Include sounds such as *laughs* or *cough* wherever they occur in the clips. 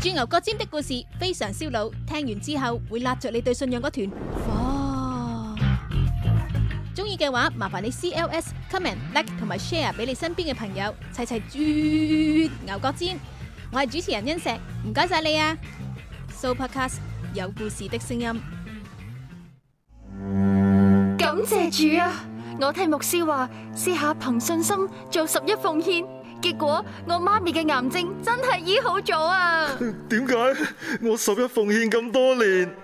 鑽牛角尖的故事非常燒腦，聽完之後會撻着你對信仰嗰團火。中意嘅話，麻煩你 C L S comment like 同埋 share 俾你身邊嘅朋友，齊齊鑽牛角尖。我係主持人恩石，唔該晒你啊！Sooopodcast 有故事的聲音，感謝主啊！我聽牧師話，試下憑信心做十一奉獻。結果我媽咪嘅癌症真係醫好咗啊！點解我十一奉獻咁多年，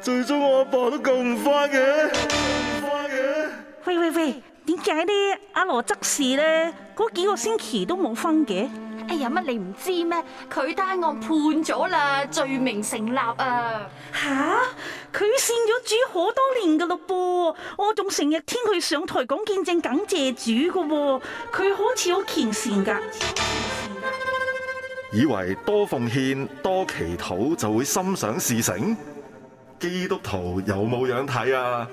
最終我阿爸都救唔返嘅？救唔返嘅，喂喂喂，點解呢？阿羅執事咧幾個星期都冇分嘅？哎呀乜你唔知咩？佢單案判咗啦，罪名成立啊！吓、啊，佢先。主好多年噶咯噃，我仲成日聽佢上台講見證，感謝主噶，佢好似好虔善噶。以為多奉獻多祈禱就會心想事成，基督徒有冇樣睇啊？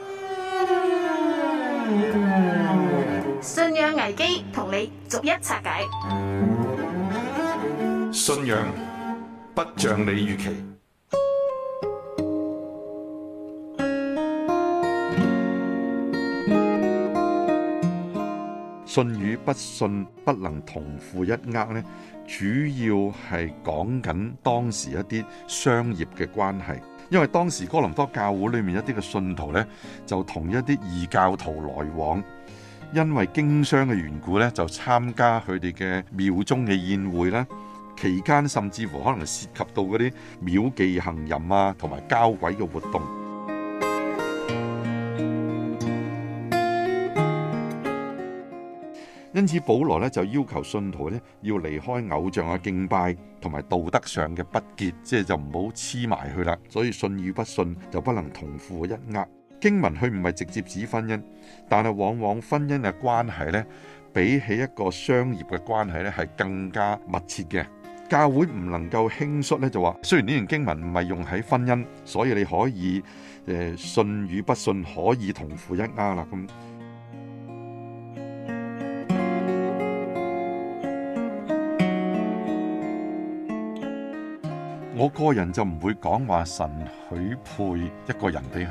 信仰危機同你逐一拆解，信仰不像你預期。信與不信不能同負一軛咧，主要係講緊當時一啲商業嘅關係。因為當時哥林多教會裏面一啲嘅信徒呢，就同一啲異教徒來往，因為經商嘅緣故呢，就參加佢哋嘅廟中嘅宴會啦。期間甚至乎可能涉及到嗰啲廟妓行淫啊，同埋交鬼嘅活動。因此，保羅咧就要求信徒咧要離開偶像嘅敬拜，同埋道德上嘅不潔，即係就唔好黐埋去啦。所以信與不信就不能同父一額同負一軛。經文佢唔係直接指婚姻，但係往往婚姻嘅關係咧，比起一個商業嘅關係咧係更加密切嘅。教會唔能夠輕率咧就話，雖然呢段經文唔係用喺婚姻，所以你可以誒信與不信可以同父一額同負一軛啦咁。我個人就唔會講話神許配一個人俾佢，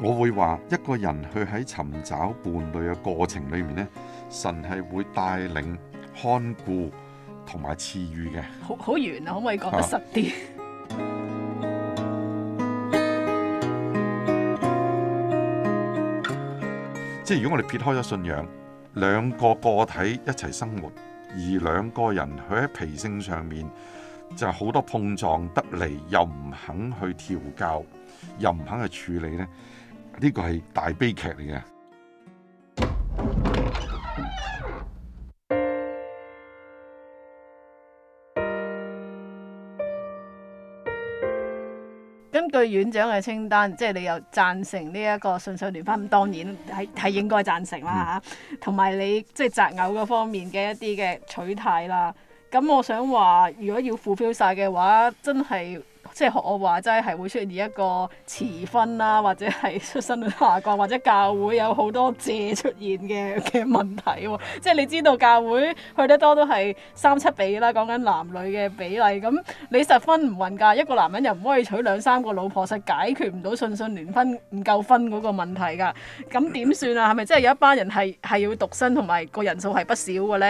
我會話一個人去喺尋找伴侶嘅過程裏面咧，神係會帶領、看顧同埋賜予嘅。好好圓啊！可唔可以講得實啲、啊 *music* ？即係如果我哋撇開咗信仰，兩個個體一齊生活，而兩個人佢喺脾性上面。就係、是、好多碰撞得嚟，又唔肯去調教，又唔肯去處理咧，呢個係大悲劇嚟嘅。根據院長嘅清單，即、就、係、是、你又贊成呢一個信信聯婚，咁當然係係應該贊成啦嚇。同、嗯、埋你即係擇偶嗰方面嘅一啲嘅取態啦。咁我想話，如果要 fulfill 晒嘅話，真係即係學我話齋，係會出現一個遲婚啦，或者係出生率下降，或者教會有好多借出現嘅嘅問題喎。即係你知道教會去得多都係三七比啦，講緊男女嘅比例。咁你實分唔勻㗎，一個男人又唔可以娶兩三個老婆，實解決唔到信信聯婚唔夠分嗰個問題㗎。咁點算啊？係咪真係有一班人係係要獨身同埋個人數係不少嘅呢？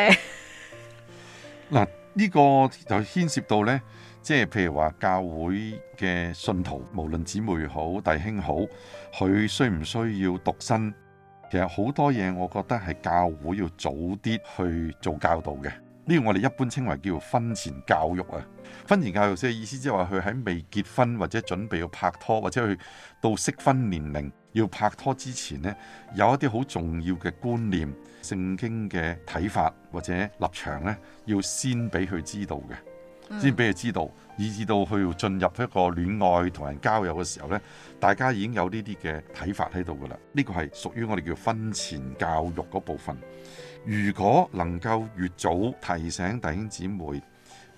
嗱，呢個就牽涉到呢，即係譬如話，教會嘅信徒，無論姊妹好、弟兄好，佢需唔需要獨身？其實好多嘢，我覺得係教會要早啲去做教導嘅。呢、這個我哋一般稱為叫婚前教育啊，婚前教育即係意思即係話佢喺未結婚或者準備要拍拖或者去到適婚年齡要拍拖之前呢，有一啲好重要嘅觀念、聖經嘅睇法或者立場呢，要先俾佢知道嘅。嗯，先俾佢知道，以至到佢要進入一個戀愛同人交友嘅時候呢，大家已經有呢啲嘅睇法喺度噶啦，呢、這個係屬於我哋叫婚前教育嗰部分。如果能夠越早提醒弟兄姊妹，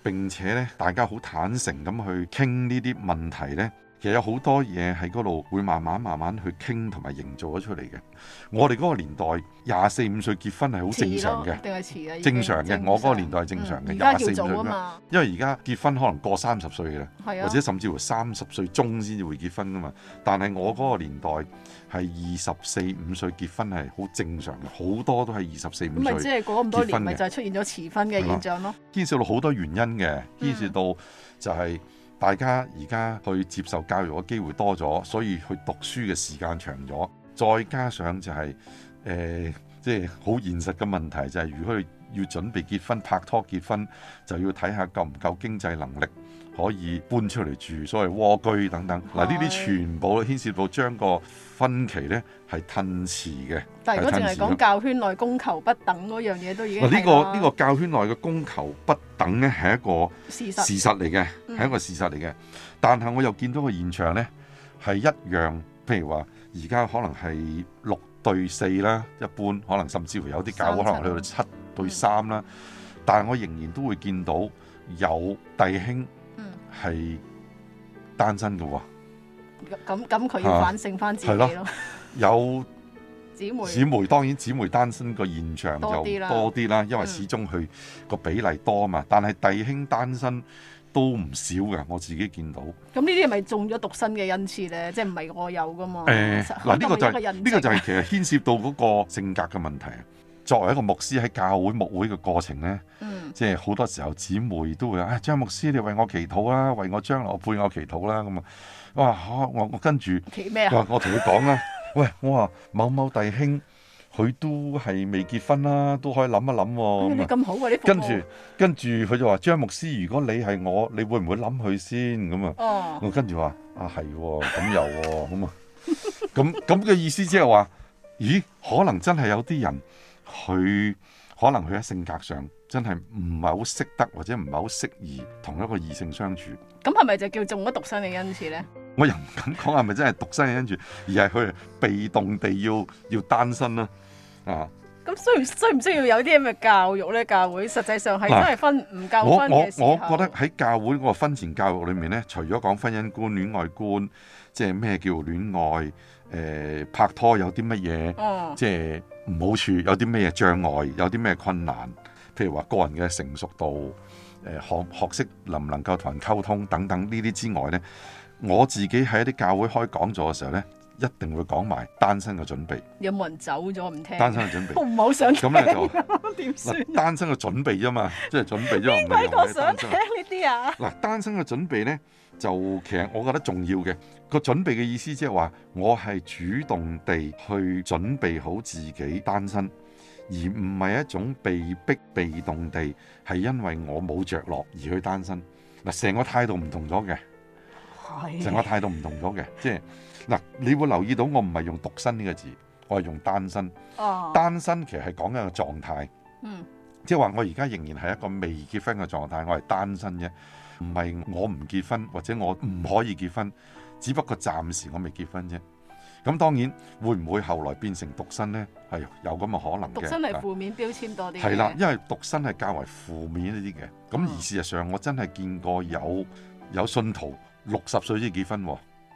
並且呢大家好坦誠咁去傾呢啲問題呢，其實有好多嘢喺嗰度會慢慢慢慢去傾同埋營造咗出嚟嘅。我哋嗰個年代廿四五歲結婚係好正常嘅，定係遲正常嘅？我嗰個年代係正常嘅廿四五歲。因為而家結婚可能過三十歲啦，或者甚至乎三十歲中先至會結婚噶嘛。但係我嗰個年代係二十四五歲結婚係好正常嘅，好多都係二十四五歲。即係過咁多年咪就係出現咗遲婚嘅現象咯？牽涉到好多原因嘅，牽涉到就係、嗯。大家而家去接受教育嘅機會多咗，所以去讀書嘅時間長咗，再加上就係，誒，即係好現實嘅問題就係，如果要準備結婚、拍拖、結婚就要睇下夠唔夠經濟能力。可以搬出嚟住，所謂窩居等等，嗱呢啲全部牽涉到將個分歧咧係吞蝕嘅。但如果淨係講教圈內供求不等嗰樣嘢都已經。呢個，呢個教圈內嘅供求不等咧係一個事實的，事實嚟嘅係一個事實嚟嘅。但係我又見到個現場咧係一樣，譬如話而家可能係六對四啦，一般可能甚至乎有啲教會可能去到七對 3, 三啦，嗯、但係我仍然都會見到有弟兄。係單身噶喎、啊，咁咁佢要反省翻自己咯。有姊妹，姊妹當然姊妹單身個現象就多啲啦，因為始終佢、嗯、個比例多嘛。但係弟兄單身都唔少嘅，我自己見到。咁呢啲係咪中咗獨身嘅恩賜咧？即係唔係我有噶嘛？誒、欸，嗱、那、呢個就係、是、呢、呢個就係其實牽涉到嗰個性格嘅問題啊。 *laughs* 作為一個牧師喺教會牧會嘅過程咧，嗯、即係好多時候姊妹都會啊張牧師，你為我祈禱啦，為我將來配我配偶祈禱啦，咁啊哇我我跟住咩啊？我同佢講啦，喂，我話某某弟兄，佢都係未結婚啦，都可以諗一諗喎、欸。你咁好喎、啊，跟住跟住佢就話張牧師，如果你係我，你會唔會諗佢先咁、哦、啊？哦，我跟住話啊係喎，咁又喎，咁啊咁咁嘅意思即係話，咦可能真係有啲人。佢可能佢喺性格上真係唔係好識得或者唔係好適宜同一個異性相處。咁係咪就叫做中咗獨身嘅恩賜咧？我又唔敢講係咪真係獨身嘅恩賜，而係佢被動地要要單身啦、啊啊。啊！咁需唔需唔需要有啲咁嘅教育咧？教會實際上係真係分唔夠分、啊、我我，我覺得喺教會嗰個婚前教育裏面咧，除咗講婚姻觀、戀愛觀，即係咩叫戀愛？誒、呃，拍拖有啲乜嘢？即係。唔好處有啲咩障礙，有啲咩困難，譬如話個人嘅成熟度，誒學學識能唔能夠同人溝通等等呢啲之外呢，我自己喺一啲教會開講座嘅時候呢，一定會講埋單身嘅準備。有冇人走咗唔聽？單身嘅準備唔好想咁咧，就點單身嘅準備啫嘛，即係準備咗唔嚟啊！邊個想聽呢啲啊？嗱，單身嘅準備呢。就其實我覺得重要嘅個準備嘅意思，即係話我係主動地去準備好自己單身，而唔係一種被逼、被動地係因為我冇着落而去單身。嗱，成個態度唔同咗嘅，成個態度唔同咗嘅，即係嗱，你會留意到我唔係用獨身呢個字，我係用單身。哦、啊，單身其實係講緊個狀態。嗯，即係話我而家仍然係一個未結婚嘅狀態，我係單身啫。唔係我唔結婚，或者我唔可以結婚，只不過暫時我未結婚啫。咁當然會唔會後來變成獨身呢？係有咁嘅可能嘅。獨身係負面標籤多啲嘅。係啦，因為獨身係較為負面一啲嘅。咁、嗯、而事實上，我真係見過有有信徒六十歲先結婚，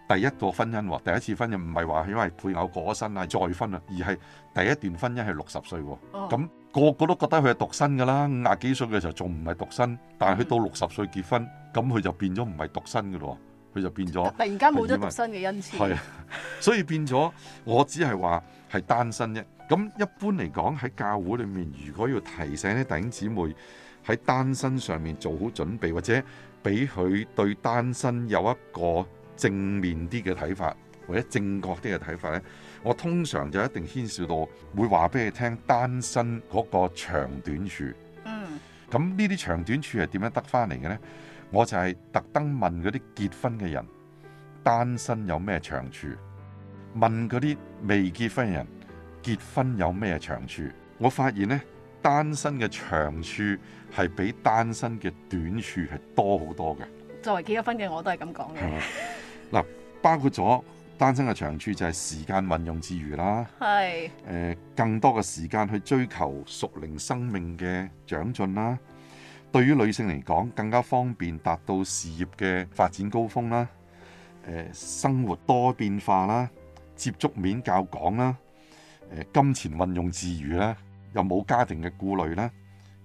第一個婚姻，第一次婚姻唔係話因為配偶過咗身啊再婚啊，而係第一段婚姻係六十歲。哦。咁。個個都覺得佢係獨身噶啦，五廿幾歲嘅時候仲唔係獨身，但係佢到六十歲結婚，咁佢就變咗唔係獨身噶咯，佢就變咗突然間冇咗獨身嘅恩賜。係啊，所以變咗我只係話係單身啫。咁一般嚟講喺教會裏面，如果要提醒啲弟兄姊妹喺單身上面做好準備，或者俾佢對單身有一個正面啲嘅睇法，或者正確啲嘅睇法咧。我通常就一定牽涉到會話俾你聽單身嗰個長短處。嗯。咁呢啲長短處係點樣得翻嚟嘅咧？我就係特登問嗰啲結婚嘅人，單身有咩長處？問嗰啲未結婚嘅人，結婚有咩長處？我發現咧，單身嘅長處係比單身嘅短處係多好多嘅。作為結咗婚嘅我都係咁講嘅。嗱，包括咗。單身嘅長處就係時間運用自如啦，係誒、呃、更多嘅時間去追求屬靈生命嘅長進啦。對於女性嚟講，更加方便達到事業嘅發展高峰啦。誒、呃、生活多變化啦，接觸面較廣啦。誒、呃、金錢運用自如啦，又冇家庭嘅顧慮啦，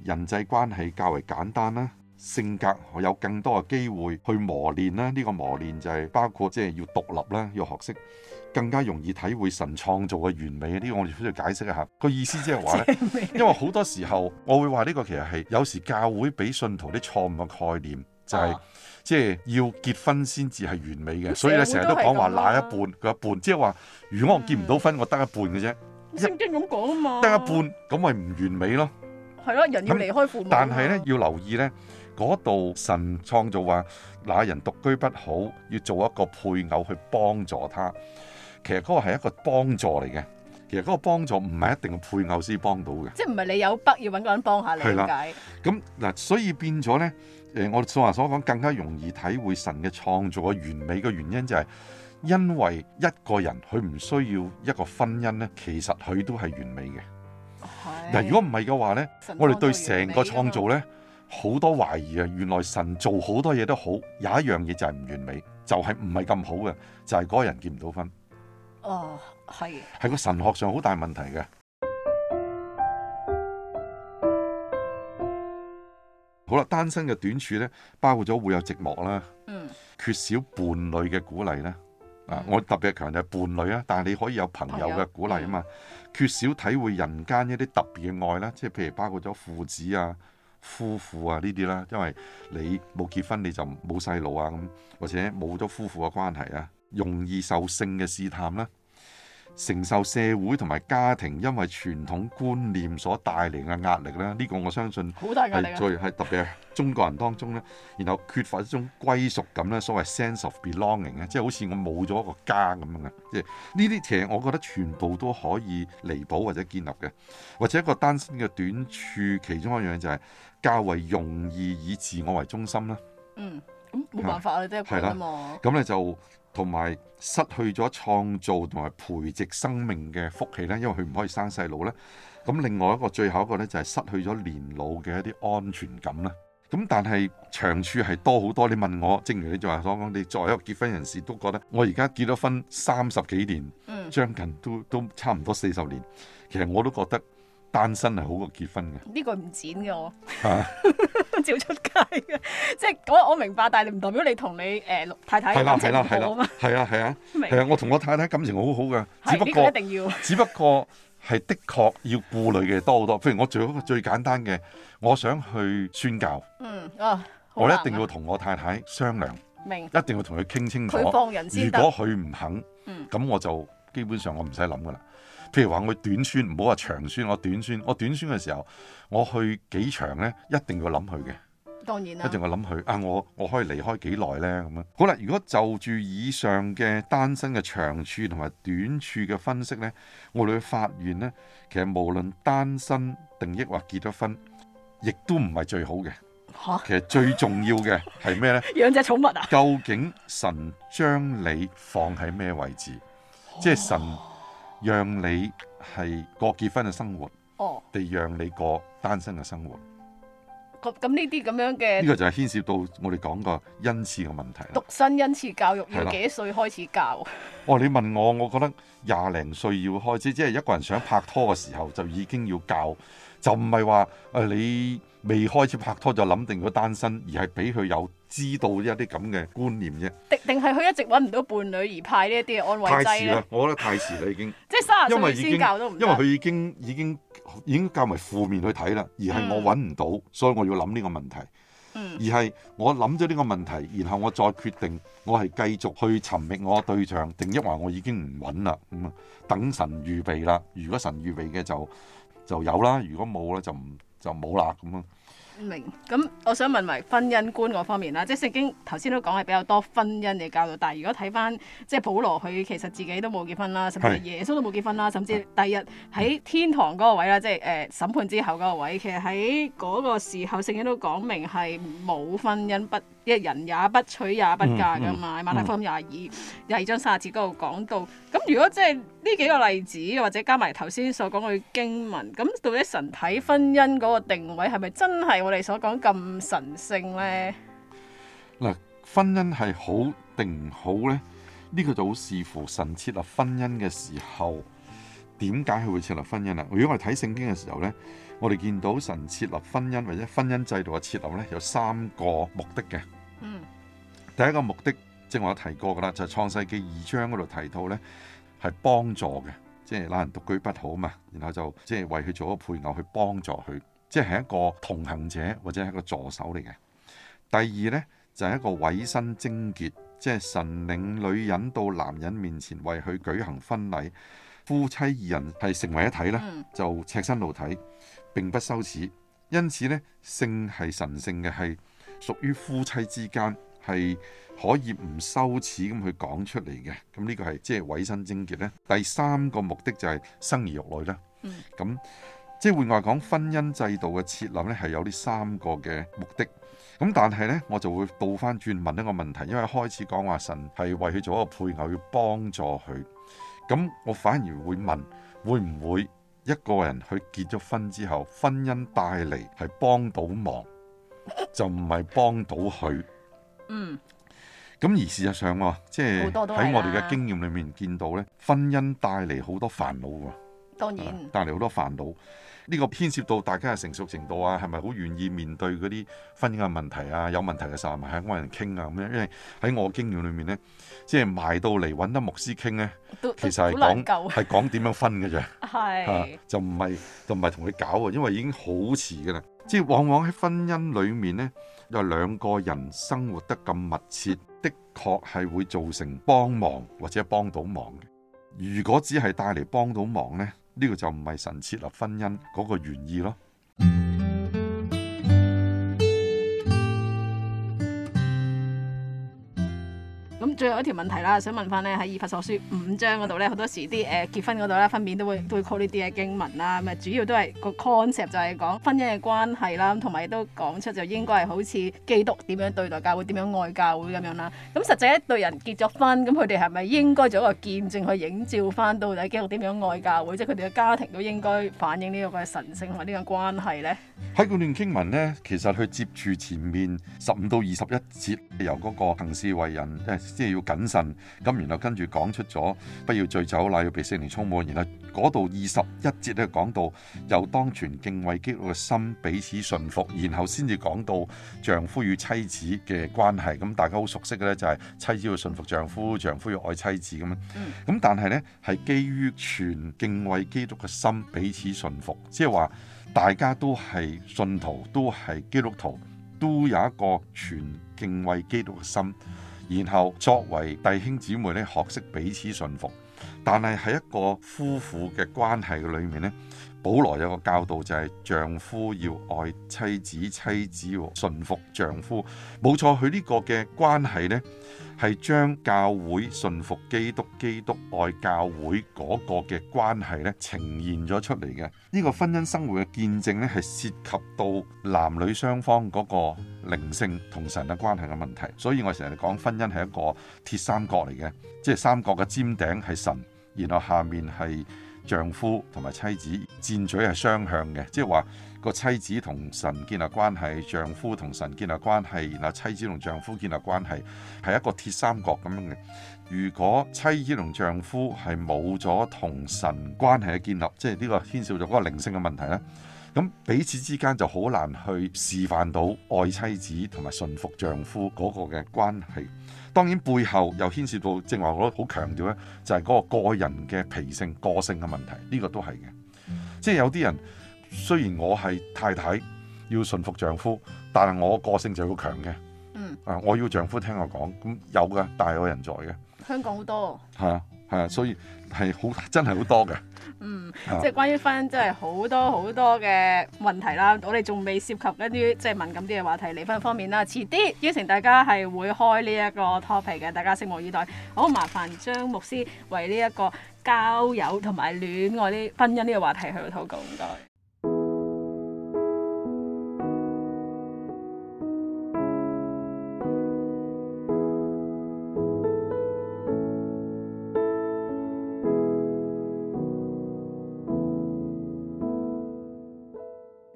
人際關係較為簡單啦。性格有更多嘅機會去磨練啦，呢、這個磨練就係包括即係要獨立啦，要學識更加容易體會神創造嘅完美呢、這個我哋都要解釋一下，個意思即係話咧， *laughs* 因為好多時候我會話呢個其實係有時教會俾信徒啲錯誤嘅概念，就是啊，就係即係要結婚先至係完美嘅，所以咧成日都講話哪一半佢一半，一半一半一半嗯，即係話如果我結唔到婚，嗯、我得一半嘅啫，聖經咁講啊嘛，得一半咁咪唔完美咯，係咯，啊，人要離開父母，但係咧、啊、要留意咧。嗰度神創造話，那人獨居不好，要做一個配偶去幫助他。其實嗰個係一個幫助嚟嘅。其實嗰個幫助唔係一定配偶先幫到嘅。即係唔係你有筆要揾個人幫下你？係啦。咁嗱，所以變咗呢，誒，我哋所話所講更加容易體會神嘅創造嘅完美嘅原因就係，因為一個人佢唔需要一個婚姻呢，其實佢都係完美嘅。嗱，如果唔係嘅話呢，我哋對成個創造呢，好多懷疑啊！原來神做好多嘢都好，有一樣嘢就係唔完美，就係唔係咁好嘅，就係、是、嗰個人結唔到婚。哦，係。係個神學上好大問題嘅。好啦，單身嘅短處呢，包括咗會有寂寞啦，mm. 缺少伴侶嘅鼓勵啦。啊、mm.，我特別強調伴侶啊，但係你可以有朋友嘅鼓勵啊嘛。Mm. 缺少體會人間一啲特別嘅愛啦，即係譬如包括咗父子啊，夫婦啊，呢啲啦，因為你冇結婚，你就冇細路啊，咁或者冇咗夫婦嘅關係啊，容易受性嘅試探啦。承受社會同埋家庭因為傳統觀念所帶嚟嘅壓力咧，呢、這個我相信係最、好大壓力啊、係特別係中國人當中咧，然後缺乏一種歸屬感咧，所謂 sense of belonging 啊，即係好似我冇咗一個家咁樣嘅，即係呢啲其實我覺得全部都可以彌補或者建立嘅。或者一個單身嘅短處，其中一樣就係、是、較為容易以自我為中心啦。嗯，咁、嗯、冇辦法啊，你單身啊嘛。係啦。咁咧就。同埋失去咗創造同埋培植生命嘅福氣咧，因為佢唔可以生細路咧。咁另外一個最後一個咧，就係失去咗年老嘅一啲安全感啦。咁但係長處係多好多。你問我，正如你仲話講講，你作為一個結婚人士，都覺得我而家結咗婚三十幾年，嗯，將近都都差唔多四十年，其實我都覺得，單身係好過結婚嘅，呢、這個唔剪嘅我，啊、 *laughs* 照出街嘅，即係我我明白，但係你唔代表你同你誒、呃、太太係啦係啦係啦，係啊係啊，係啊，啊，啊， *laughs* 啊，我同我太太感情好好嘅，只不過、這個、一定要，只不過係的確要顧慮嘅多好多，譬如我做一個最簡單嘅， *laughs* 我想去宣教，嗯啊，啊，我一定要同我太太商量，明，一定要同佢傾清楚，如果佢唔肯，咁、嗯、我就基本上我唔使諗噶啦。譬如話我短宣唔好話長宣，我短宣，我短宣嘅時候，我去幾長呢？一定要諗佢嘅。當然啦，一定要諗佢啊，我我可以離開幾耐呢？咁樣。好啦，如果就住以上嘅單身嘅長處同埋短處嘅分析呢，我哋會發現呢，其實無論單身定抑或結咗婚，亦都唔係最好嘅。其實最重要嘅係咩呢？養隻寵物啊？究竟神將你放喺咩位置？哦、即係神。讓你係過結婚嘅生活，地讓你過單身嘅生活。咁呢啲咁樣嘅，呢、這個就係牽涉到我哋講個恩賜嘅問題啦。獨身恩賜教育要幾歲開始教？哇、哦！你問我，我覺得廿零歲要開始，即、就、係、是、一個人想拍拖嘅時候就已經要教，就唔係話啊你，未開始拍拖就諗定佢單身，而係俾佢有知道一啲咁嘅觀念啫。定定係佢一直揾唔到伴侶而派呢一啲安慰劑？太遲啦！我覺得太遲啦已經。 *laughs* 即係卅歲先教都唔。因為佢已經佢已經已經較為負面去睇啦，而係我揾唔到、嗯，所以我要諗呢個問題。嗯、而係我諗咗呢個問題，然後我再決定我係繼續去尋覓我對象，定抑或我已經唔揾啦？咁、嗯、啊，等神預備啦。如果神預備嘅就就有啦，如果冇咧就唔。就冇啦咁樣。明，咁，我想問埋婚姻觀嗰方面啦，即係聖經頭先都講係比較多婚姻嘅教導，但係如果睇翻即係保羅佢其實自己都冇結婚啦，甚至耶穌都冇結婚啦，甚至第日喺天堂嗰個位啦，即係誒、呃、審判之後嗰個位，其實喺嗰個時候聖經都講明係冇婚姻，不一人也不娶也不嫁㗎嘛，喺、嗯嗯嗯、馬太福音廿二廿二章卅字嗰度講到。咁如果即係呢幾個例子或者加埋頭先所講嘅經文，咁到底神睇婚姻嗰個定位係咪真係？我哋所講咁神聖咧，嗱，婚姻係好定唔好咧？呢個就好視乎神設立婚姻嘅時候，點解佢會設立婚姻啊？如果我哋睇聖經嘅時候咧，我哋見到神設立婚姻或者婚姻制度嘅設立咧，有三個目的嘅。嗯，第一個目的，即係我正話提過噶啦，就係創世記二章嗰度提到咧，係幫助嘅，即係那人獨居不好嘛，然後就即係為佢做一個配偶去幫助佢。即係一個同行者或者係一個助手嚟嘅。第二呢，就係一個委身貞潔，即係神領女人到男人面前為佢舉行婚禮，夫妻二人係成為一體啦，就赤身露體，並不羞恥。因此呢，性係神聖嘅，係屬於夫妻之間，係可以唔羞恥咁去講出嚟嘅。咁呢個係即係委身貞潔呢。第三個目的就係生兒育女啦。嗯，咁。即係換句話講，婚姻制度嘅設立呢係有呢三個嘅目的。咁但係呢，我就會倒翻轉問一個問題，因為開始講話神係為佢做一個配偶，要幫助佢。咁我反而會問，會唔會一個人去結咗婚之後，婚姻帶嚟係幫到忙，就唔係幫到佢？嗯。咁而事實上，即係喺我哋嘅經驗裏面見到呢，婚姻帶嚟好多煩惱喎。當然，帶嚟好多煩惱。呢、呢個牽涉到大家嘅成熟程度啊，係咪好願意面對嗰啲婚姻嘅問題啊？有問題嘅時候係咪喺安人傾啊咁樣，因為喺我經驗裏面咧，即係埋到嚟揾得牧師傾咧，其實係講係講點樣分嘅啫，係、啊、就唔係就唔係同佢搞啊，因為已經好遲嘅啦。即係往往喺婚姻裏面咧，有兩個人生活得咁密切，的確係會造成幫忙或者幫到忙嘅。如果只係帶嚟幫到忙咧。呢個就唔係神設立婚姻嗰個原意咯。最後一條問題啦，想問翻咧喺《以弗所書》五章嗰度咧，好多時啲誒結婚嗰度咧，分辨都會都會背呢啲嘅經文啦。咁啊，主要都係個 concept 就係講婚姻嘅關係啦，同埋都講出就應該係好似基督點樣對待教會，點樣愛教會咁樣啦。咁實際一對人結咗婚，咁佢哋係咪應該做一個見證去影照翻到底基督點樣愛教會，即係佢哋嘅家庭都應該反映呢個嘅神性同埋呢個關係咧？喺個段經文咧，其實去接住前面十五到二十一節，由嗰個行事為人即係。要謹慎，咁然後跟住講出咗，不要醉酒啦，要被聖靈充滿。然後嗰度二十一節咧講到，由當全敬畏基督嘅心彼此順服，然後先至講到丈夫與妻子嘅關係。咁大家好熟悉嘅咧，就係妻子要順服丈夫，丈夫要愛妻子咁樣。咁但係呢，係基於全敬畏基督嘅心彼此順服，即係話大家都係信徒，都係基督徒，都有一個全敬畏基督嘅心。然後作為弟兄姊妹咧，學識彼此順服。但係喺一個夫婦嘅關係嘅裏面咧，保羅有個教導就係丈夫要愛妻子，妻子要順服丈夫。冇錯，佢呢個嘅關係呢。係將教會順服基督、基督愛教會嗰個嘅關係咧呈現咗出嚟嘅。呢個婚姻生活嘅見證咧，係涉及到男女雙方嗰個靈性同神嘅關係嘅問題。所以我成日講婚姻係一個鐵三角嚟嘅，即係三角嘅尖頂係神，然後下面係。丈夫同埋妻子戰嘴係雙向嘅，即係話個妻子同神建立關係，丈夫同神建立關係，然後妻子同丈夫建立關係，係一個鐵三角咁樣嘅。如果妻子同丈夫係冇咗同神關係嘅建立，即係呢個牽涉咗嗰個靈性嘅問題咧，咁彼此之間就好難去示範到愛妻子同埋順服丈夫嗰個嘅關係。當然背後又牽涉到，正話我好強調咧，就係嗰個個人嘅脾性、個性嘅問題，呢個都係嘅。嗯。即係有啲人雖然我係太太，要順服丈夫，但係我個性就要強嘅。嗯。啊，我要丈夫聽我講，咁有㗎，大有人在嘅。香港好多。係啊。係啊，所以係好真係好多嘅。嗯，即係關於婚姻，真係好多好多嘅問題啦。我哋仲未涉及一啲即係敏感啲嘅話題，離婚方面啦。遲啲邀請大家係會開呢一個 topic 嘅，大家拭目以待。好麻煩張牧師為呢一個交友同埋戀愛啲婚姻呢個話題去禱告，唔該。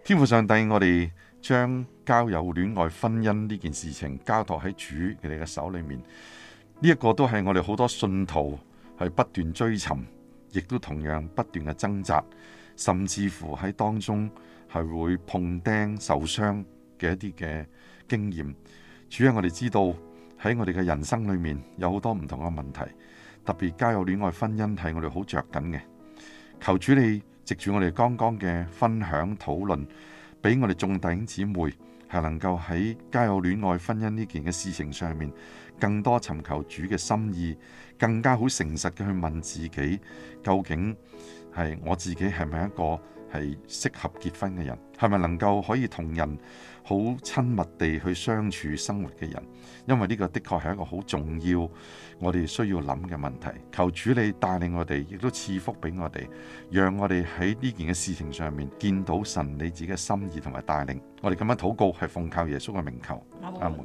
天父上帝，我哋將交友、戀愛、婚姻呢件事情交託喺主你哋嘅手裏面。呢一個都係我哋好多信徒係不斷追尋，亦都同樣不斷嘅掙扎，甚至乎喺當中係會碰釘受傷嘅一啲嘅經驗。主啊，我哋知道喺我哋嘅人生裏面有好多唔同嘅問題，特別交友、戀愛、婚姻係我哋好着緊嘅。求主你，藉住我哋剛剛嘅分享討論，俾我哋眾弟兄姊妹係能夠喺交友、戀愛、婚姻呢件嘅事情上面，更多尋求主嘅心意，更加好誠實嘅去問自己，究竟係我自己係咪一個係適合結婚嘅人，係咪能夠可以同人好親密地去相處生活嘅人，因為呢個的確係一個好重要，我哋需要諗嘅問題。求主你帶領我哋，亦都賜福俾我哋，讓我哋喺呢件嘅事情上面見到神你自己嘅心意同埋帶領。我哋咁樣禱告係奉靠耶穌嘅名求，阿門。